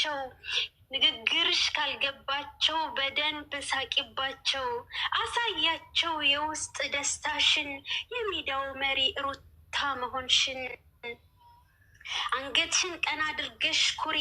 ሳቂባቸው፣ ንግግርሽ ካልገባቸው በደንብ ሳቂባቸው፣ አሳያቸው የውስጥ ደስታሽን፣ የሜዳው መሪ ሩታ መሆንሽን። አንገትሽን ቀና አድርገሽ ኩሪ።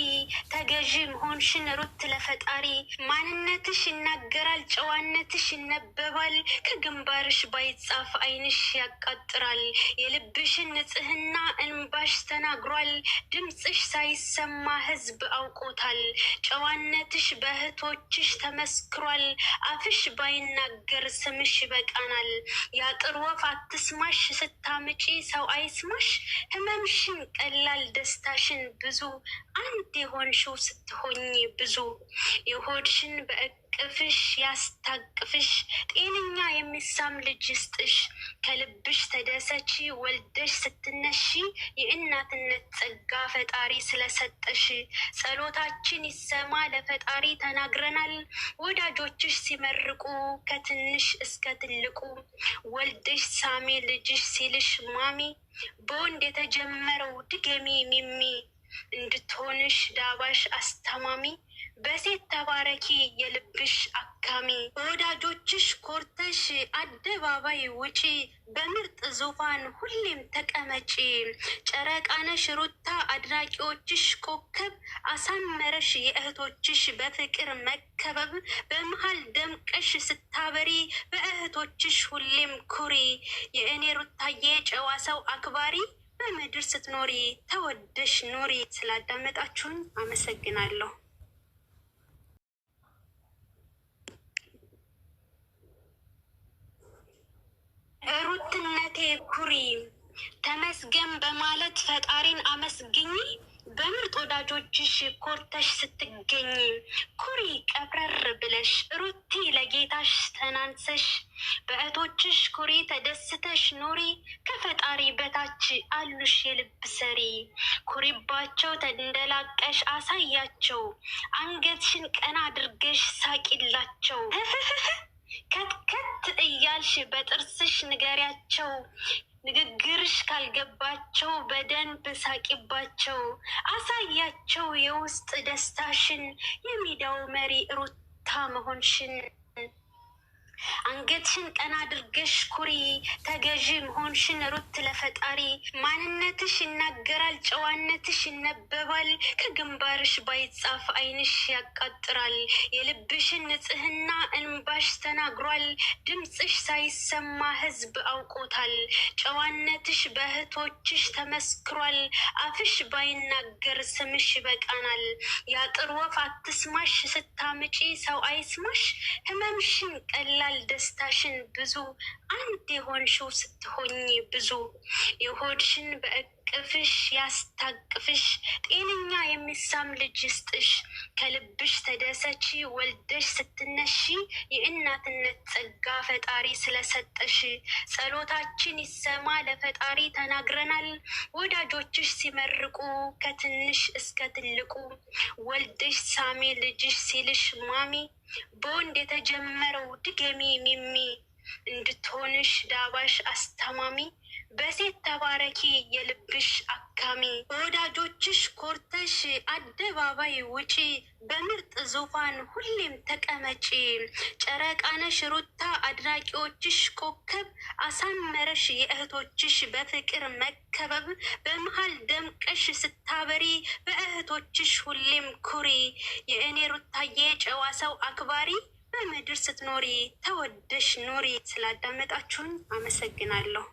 ተገዢ መሆንሽን ሩት ለፈጣሪ። ማንነትሽ ይናገራል፣ ጨዋነትሽ ይነበባል። ከግንባርሽ ባይጻፍ አይንሽ ያቃጥራል። የልብሽን ንጽህና እንባሽ ተናግሯል። ድምፅሽ ሳይሰማ ሕዝብ አውቆታል። ጨዋነትሽ በእህቶችሽ ተመስክሯል። አፍሽ ባይናገር ስምሽ ይበቃናል። የአጥር ወፍ አትስማሽ፣ ስታምጪ ሰው አይስማሽ። ህመምሽን ቀላል ይሆናል ደስታሽን ብዙ አንድ የሆንሽው ስትሆኝ ብዙ የሆድሽን በእቅፍሽ ያስታቅፍሽ ጤነኛ የሚሳም ልጅ ስጥሽ ከልብሽ ተደሰች ወልደሽ ስትነሺ የእናትነት ጸጋ ፈጣሪ ስለሰጠሽ ጸሎታችን ይሰማ ለፈጣሪ ተናግረናል። ወዳጆችሽ ሲመርቁ ከትንሽ እስከ ትልቁ ወልደሽ ሳሜ ልጅሽ ሲልሽ ማሜ በወንድ የተጀመረው ድገሚ ሚሚ እንድትሆንሽ ዳባሽ አስተማሚ በሴት ተባረኪ የልብሽ አካሚ በወዳጆችሽ ኮርተሽ አደባባይ ውጪ በምርጥ ዙፋን ሁሌም ተቀመጪ ጨረቃነሽ ሩታ አድናቂዎችሽ ኮከብ አሳመረሽ የእህቶችሽ በፍቅር መከበብ በመሀል ደምቀሽ ስታበሪ እህቶችሽ ሁሌም ኩሪ፣ የእኔ ሩታዬ ጨዋ ሰው አክባሪ፣ በምድር ስትኖሪ ተወደሽ ኑሪ። ስላዳመጣችሁን አመሰግናለሁ። ሩትነቴ ኩሪ ተመስገን በማለት ፈጣሪን አመስግኝ። በምርጥ ወዳጆችሽ ኮርተሽ ስትገኝ ኩሪ ቀብረር ብለሽ ሩቲ ለጌታሽ ተናንሰሽ በእህቶችሽ ኩሪ ተደስተሽ ኑሪ ከፈጣሪ በታች አሉሽ የልብ ሰሪ ኩሪባቸው ተንደላቀሽ አሳያቸው አንገትሽን ቀና አድርገሽ ሳቂላቸው ከትከት እያልሽ በጥርስሽ ንገሪያቸው ንግግርሽ ካልገባቸው በደንብ ሳቂባቸው፣ አሳያቸው የውስጥ ደስታሽን፣ የሜዳው መሪ ሩታ መሆንሽን። አንገትሽን ቀና አድርገሽ ኩሪ። ተገዢ መሆንሽን ሩት ለፈጣሪ። ማንነትሽ ይናገራል፣ ጨዋነትሽ ይነበባል። ከግንባርሽ ባይጻፍ አይንሽ ያቃጥራል። የልብሽን ንጽህና እንባሽ ተናግሯል። ድምፅሽ ሳይሰማ ሕዝብ አውቆታል። ጨዋነትሽ በእህቶችሽ ተመስክሯል። አፍሽ ባይናገር ስምሽ ይበቃናል። የአጥር ወፍ አትስማሽ፣ ስታምጪ ሰው አይስማሽ። ህመምሽን ቀላል ይላል ደስታሽን ብዙ አንድ የሆንሽው ስትሆኝ ብዙ የሆድሽን በእግ ያቅፍሽ ያስታቅፍሽ ጤነኛ የሚሳም ልጅ ይስጥሽ። ከልብሽ ተደሰቺ ወልደሽ ስትነሺ የእናትነት ጸጋ ፈጣሪ ስለሰጠሽ። ጸሎታችን ይሰማ ለፈጣሪ ተናግረናል። ወዳጆችሽ ሲመርቁ ከትንሽ እስከ ትልቁ ወልደሽ ሳሜ ልጅሽ ሲልሽ ማሚ በወንድ የተጀመረው ድገሚ ሚሚ እንድትሆንሽ ዳባሽ አስተማሚ በሴት ተባረኪ የልብሽ አካሚ በወዳጆችሽ ኮርተሽ አደባባይ ውጪ በምርጥ ዙፋን ሁሌም ተቀመጪ ጨረቃነሽ ሩታ አድናቂዎችሽ ኮከብ አሳመረሽ የእህቶችሽ በፍቅር መከበብ በመሀል ደምቀሽ ስታበሪ በእህቶችሽ ሁሌም ኩሪ የእኔ ሩታዬ ጨዋ ሰው አክባሪ በምድር ስትኖሪ ተወደሽ ኑሪ። ስላዳመጣችሁን አመሰግናለሁ።